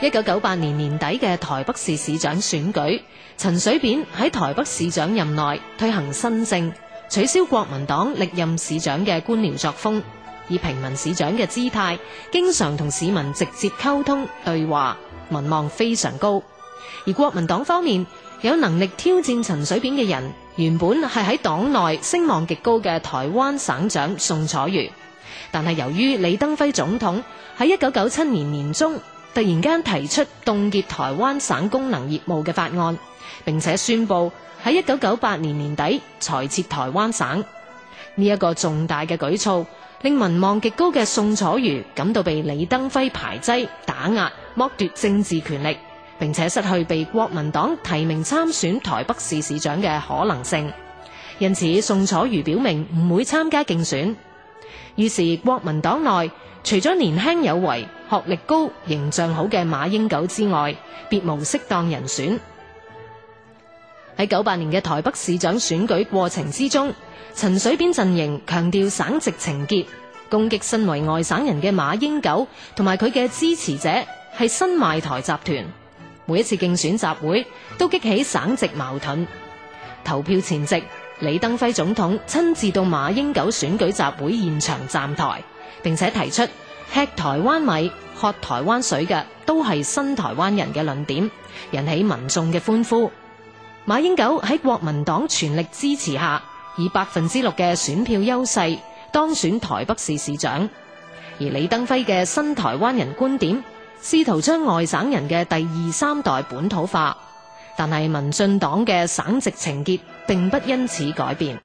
一九九八年年底嘅台北市市長選舉，陳水扁喺台北市長任內推行新政，取消國民黨歷任市長嘅官僚作風，以平民市長嘅姿態，經常同市民直接溝通對話，民望非常高。而國民黨方面有能力挑戰陳水扁嘅人，原本係喺黨內聲望極高嘅台灣省長宋楚瑜，但係由於李登輝總統喺一九九七年年中，突然間提出凍結台灣省功能業務嘅法案，並且宣布喺一九九八年年底裁撤台灣省呢一個重大嘅舉措，令民望極高嘅宋楚瑜感到被李登輝排擠、打壓、剝奪政治權力，並且失去被國民黨提名參選台北市市長嘅可能性。因此，宋楚瑜表明唔會參加競選。於是國民黨內除咗年輕有為、學歷高、形象好嘅馬英九之外，別無適當人選。喺九八年嘅台北市長選舉過程之中，陳水扁陣營強調省籍情結，攻擊身為外省人嘅馬英九同埋佢嘅支持者係新賣台集團。每一次競選集會都激起省籍矛盾。投票前夕，李登輝總統親自到馬英九選舉集會現場站台，並且提出吃台灣米、喝台灣水嘅都係新台灣人嘅論點，引起民眾嘅歡呼。馬英九喺國民黨全力支持下，以百分之六嘅選票優勢當選台北市市長。而李登輝嘅新台灣人觀點，試圖將外省人嘅第二、三代本土化，但係民進黨嘅省籍情結。並不因此改變。